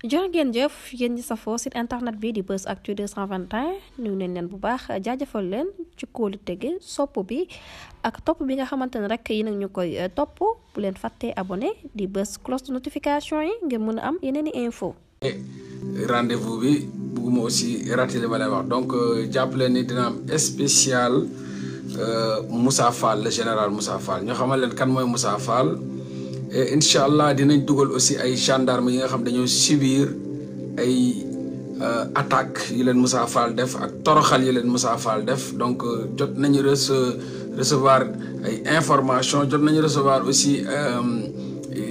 jërë ngeen jëf yéen ñi safoo site internet bi di Buzz Actu 221 nuyu nañ leen bu baax jaajëfal leen ci kóolu tege sopp bi ak topp bi nga xamante ne rek yi nag ñu koy euh, topp bu leen fàttee abone di bës cloche de notification yi ngir mën a am yeneen i info rendez-vous bi bugguma aussi raté li ma lay wax donc euh, jàpp leen ni dina am spécial euh, Moussa Fall le général Moussa Fall ñu xamal leen kan mooy Moussa Fall Eh, incha allah dinañ dugal aussi ay gendarme yi nga xam dañoo subir ay euh, attaque yi leen mussa Fall def ak toroxal yi leen Moussa Fall def donc euh, jot nañu rece recevoir ay information jot nañu recevoir aussi euh,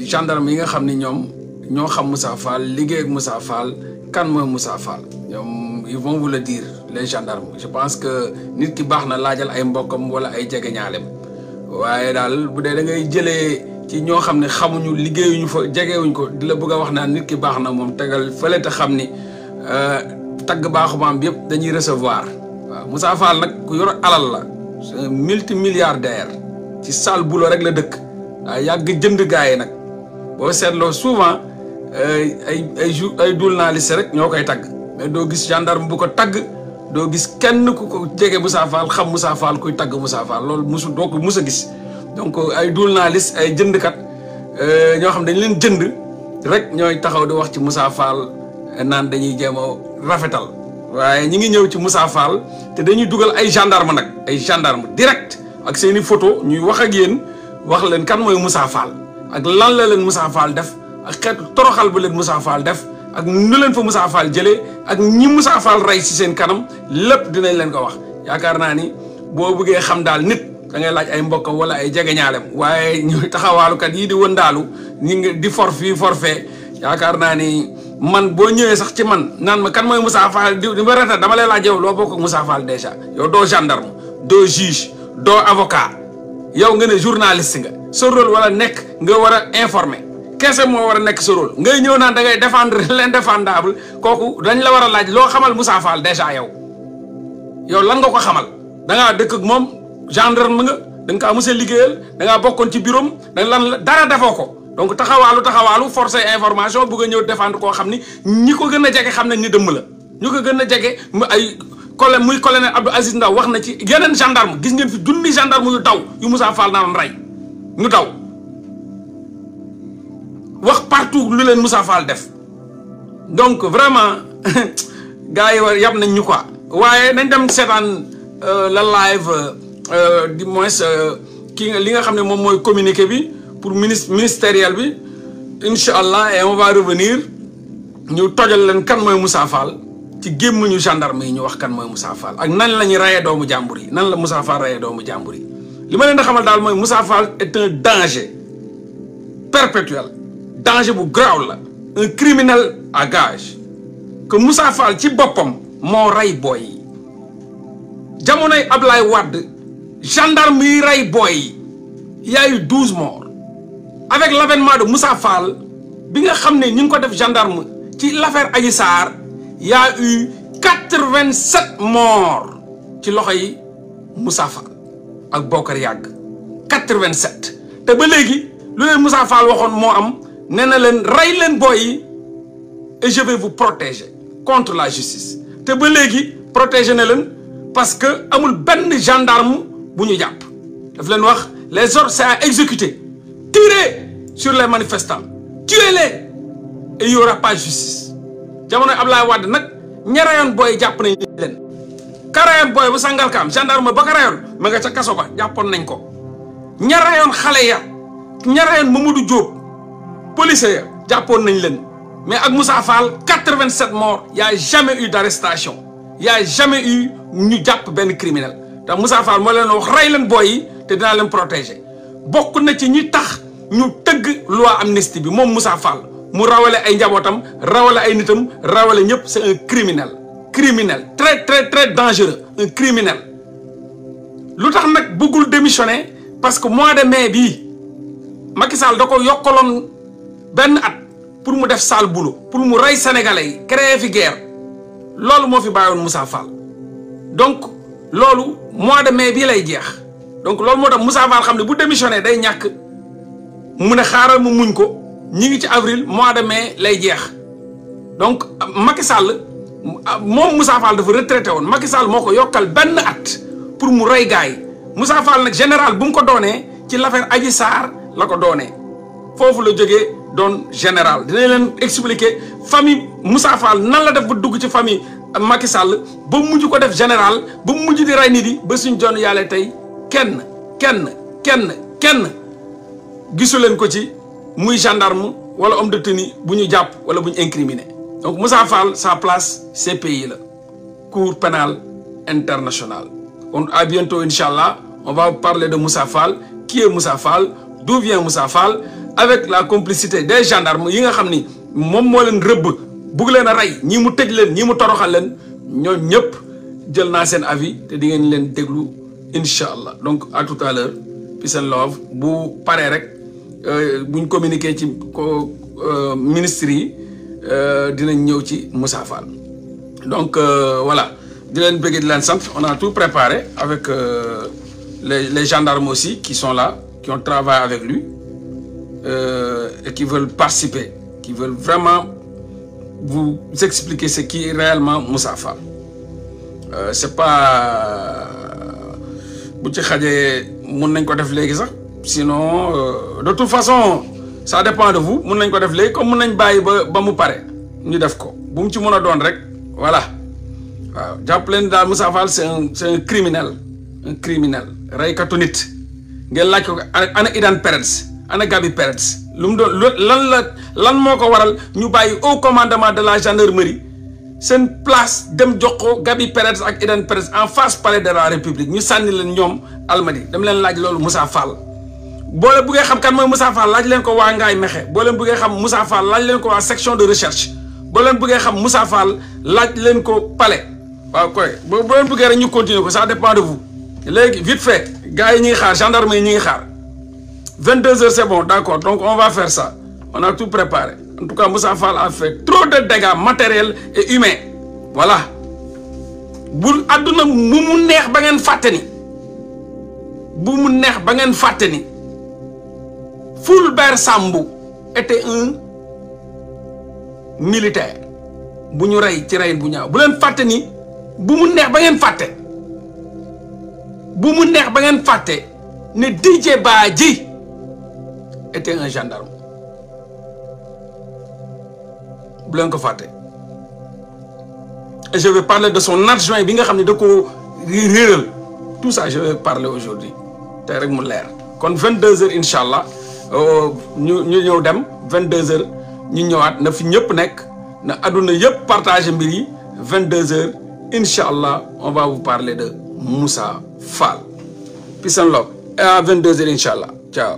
gendarme yi nga xam ni ñoom ñoo xam Moussa Fall liggéey ak Moussa Fall kan mooy Moussa Fall ñoom ils vont vous le dire les gendarmes je pense que nit ki baax na laajal ay mbokkam wala ay jegeñaaleem waaye daal bu dee da ngay ci ñoo xam ne xamuñu liggéeyuñu fa jegewuñ ko di la bëgg a wax naa nit ki baax na moom tegal fële te xam ni euh, tagg baaxumaam bi yëpp dañuy recevoir waaw Moussa Fall nag ku yor alal la c'est multi milliardaire ci sale boulot rek la dëkk waaw yàgg jënd gaay nag boo seetloo souvent euh, ay ay jou ay journaliste rek ñoo koy tagg mais doo gis gendarme bu ko tagg doo gis kenn ku ko jege Moussa Fall xam Moussa Fall kuy tagg Moussa Fall loolu musu doo ko mus a gis donc euh, ay journaliste ay jëndkat euh, ñoo xam dañu leen jënd rek ñooy taxaw di wax ci Moussa Fall euh, naan dañuy jéem a rafetal waaye ñi ngi ñëw ci Moussa Fall te dañuy dugal ay gendarme nag ay gendarme direct ak seen photo ñuy wax ak yéen wax leen kan mooy Moussa Fall ak lan la leen Moussa Fall def ak xeetu toroxal bu leen Moussa Fall def ak ñu leen fa Moussa Fall jëlee ak ñi Moussa Fall rey ci seen kanam lépp dinañ leen ko wax yaakaar naa ni boo bëggee xam daal nit da ngay laaj ay mbokkam wala ay jegeñaalem waaye ñuy taxawaalukat yii di wëndaalu ñi ngi di for fii forfait yaakaar naa ni man boo ñëwee sax ci man naan ma kan mooy Moussa Fall di ba reta dama lay laaj yow loo bokk ak Moussa Fall dèjà yow doo doo juge doo avocat yow nga ne journaliste nga sa wala nekk nga war a informer kese moo war a nekk sa ngay ñëw naan da ngay défendre l'indéfendable kooku dañ la war a laaj loo xamal Moussa Fall dèjà yow yow lan nga ko xamal da dëkk moom gendarme nga da nga kaa mos a liggéeyal bokkoon ci bureau da lan la dara defoo ko donc taxawaalu taxawaalu force information bëgg a ñëw défendre koo xam ni ñi ko gën a jege xam nañ ni dëmm la ñu ko gën a jege mu ay col muy colonel Abdou Aziz Ndaw wax na ci geneen gendarme gis ngeen fi junni gendarme yu daw yu Moussa Fall naan rey ñu daw wax partout lu leen Moussa Fall def donc vraiment gars yi war yab nañ ñu quoi waaye nañ dem seetaan euh, la euh, Euh, du moins euh, ki li nga xam ne moom mooy communiqué bi pour ministre ministériel bi incha allah et on va revenir ñu tojal leen kan mooy Moussa Fall ci gémmiñu gendarme yi ñu wax kan mooy Moussa Fall ak nan la ñuy rayee doomu jàmbur yi nan la Moussa Fall rayee doomu jàmbur yi li ma leen di xamal daal mooy Moussa Fall est un danger perpétuel danger bu graaw la un criminel à gage que Moussa ci boppam moo rey booy yi jamonoy Ablaye Wade gendarme yi rey boy y a eu douze morts avec l' avènement de Moussa Fall bi nga xam ne ñu ngi ko def gendarme ci l' affaire Adji Sarr y eu quatre vingt sept morts ci loxo yi Moussa Fall ak Bokar Yàgg quatre vingt sept te ba léegi lu leen Moussa Fall waxoon moo am nee na leen rey leen booy yi et je vais vous protéger contre la justice te ba léegi protéger na leen parce que amul benn gendarme. bu ñu jàpp daf leen wax les ordres c'est à exécuter tirez sur les manifestants tuez-les et il y aura pas justice nag ña rayoon booy jàpp nañ leen ka rayoon booy bu Sangalkam gendarme ba ka ma nga ca kaso jàppoon nañ ko ña rayoon xale ya ña rayoon Mamadou Diop policier ya jàppoon nañ leen mais ak Moussa Fall 87 morts y a jamais eu d'arrestation y a jamais eu ñu jàpp benn criminel ndax Moussa Fall moo leen wax rey leen booy yi te dinaa leen protéger bokk na ci ñi tax ñu tëgg loi amnistie bi moom Moussa Fall mu rawale ay njabootam rawale ay nitam rawale ñëpp c'est un criminel criminel très très très dangereux un criminel lu tax nag bëggul démissionner parce que mois de mais bii Macky Sall da ko yokkaloon benn at pour mu def sale boulot pour mu rey sénégalais yi créer fi guerre loolu moo fi bàyyiwoon Moussa Fall loolu mois de mais bii lay jeex donc loolu moo tax Moussa Fall xam ne bu démissionné day ñàkk mu ne xaaral mu muñ ko ñi ngi ci avril mois de mais lay jeex donc Macky Sall moom Moussa Fall dafa retraité woon Macky Sall moo ko yokkal benn at pour mu rey gars yi Moussa Fall nag général bu mu ko doonee ci l'affaire Adji Sarr la ko doonee foofu la jógee doon général dinañ leen expliquer famille Moussa Fall nan la def ba dugg ci famille Macky Sall ba mujj ko def général ba mujj di rey nit yi ba suñ jonn yàlla tey kenn kenn kenn kenn gisu ko ci muy gendarme wala homme de tenue bu ñu jàpp wala bu ñu incriminé donc Moussa Fall sa place CPI la cour pénale internationale kon à bientôt incha allah on va parler de Moussa Fall qui est Moussa Fall d'où vient Moussa avec la complicité de gendarmes yi nga xam ni moom moo leen rëbb bugg leen a rey ñii mu tëj leen ñii mu toroxal leen ñoom ñëpp jël naa seen avis te di ngeen leen déglu incha allah donc à tout à l'heure peace and love bu paree rek euh, buñ communiqué ci ko euh, ministre yi euh, dinañ ñëw ci Moussa Fall donc voilà di leen bëggee leen sant on a tout préparé avec les les gendarmes aussi qui son là qui ont travaillé avec lui et qui veulent participer qui veulent vraiment bu expliquer ce qui est réellement Moussa Fall euh, c'est pas euh, bu ci xajee mun nañ ko def léegi sax sinon euh, de tout façon ça dépend de vous mun nañ ko def léegi comme mun nañ bàyyi ba ba mu pare ñu def ko bu mu ci mën a doon rek voilà waaw jàpp leen daal Moussa Fall c'est un c'est un criminel un criminel reykatu ngeen laaj ko ana Idan Perez ana Gabi Perez lu mu doon lan la lan moo ko waral ñu bàyyi au commandement de la gendarmerie seen place dem jox ko Gabi Peretz ak Eden Peretz en face palais de la république ñu sànni leen ñoom almadi dem leen laaj loolu Moussa Fall. boo leen buggee xam kan mooy Moussa Fall laaj leen ko waa Ngaay Mexe boo leen buggee xam Moussa Fall laaj leen ko waa section de recherche boo leen buggee xam Moussa Fall laaj leen ko palais waaw koy boo boo leen buggee rek ñu continuer ko ça dépend de vous léegi vite yi ñu ngi xaar gendarme yi ñu ngi xaar. 22 heures c'est bon d'accord donc on va faire ça on a tout préparé en tout cas a fait trop de dégâts matériels et voilà bu àdduna bu mu neex ba ngeen fàtte ni neex ba ngeen fàtte ni Fulbert Sambou était un militaire bu ñu rey ci reyin bu ñaaw bu leen fàtte ni bu mu neex ba ngeen fàtte bu mu neex ba ngeen fàtte ne DJ Badji était un gendarme bu leen ko fàtte et je vais parler de son juin bi nga xam ne da ko réeral tout ça je vais parler aujourd'hui tey rek mu leer kon vingt deux heures incha allah euh, ñu ñu ñëw dem vingt deux heures ñu ñëwaat na fi ñëpp nekk na àdduna yëpp partager mbir yi vingt deux heures incha allah on va vous parler de Moussa Fall peace and love à vingt deux heures incha allah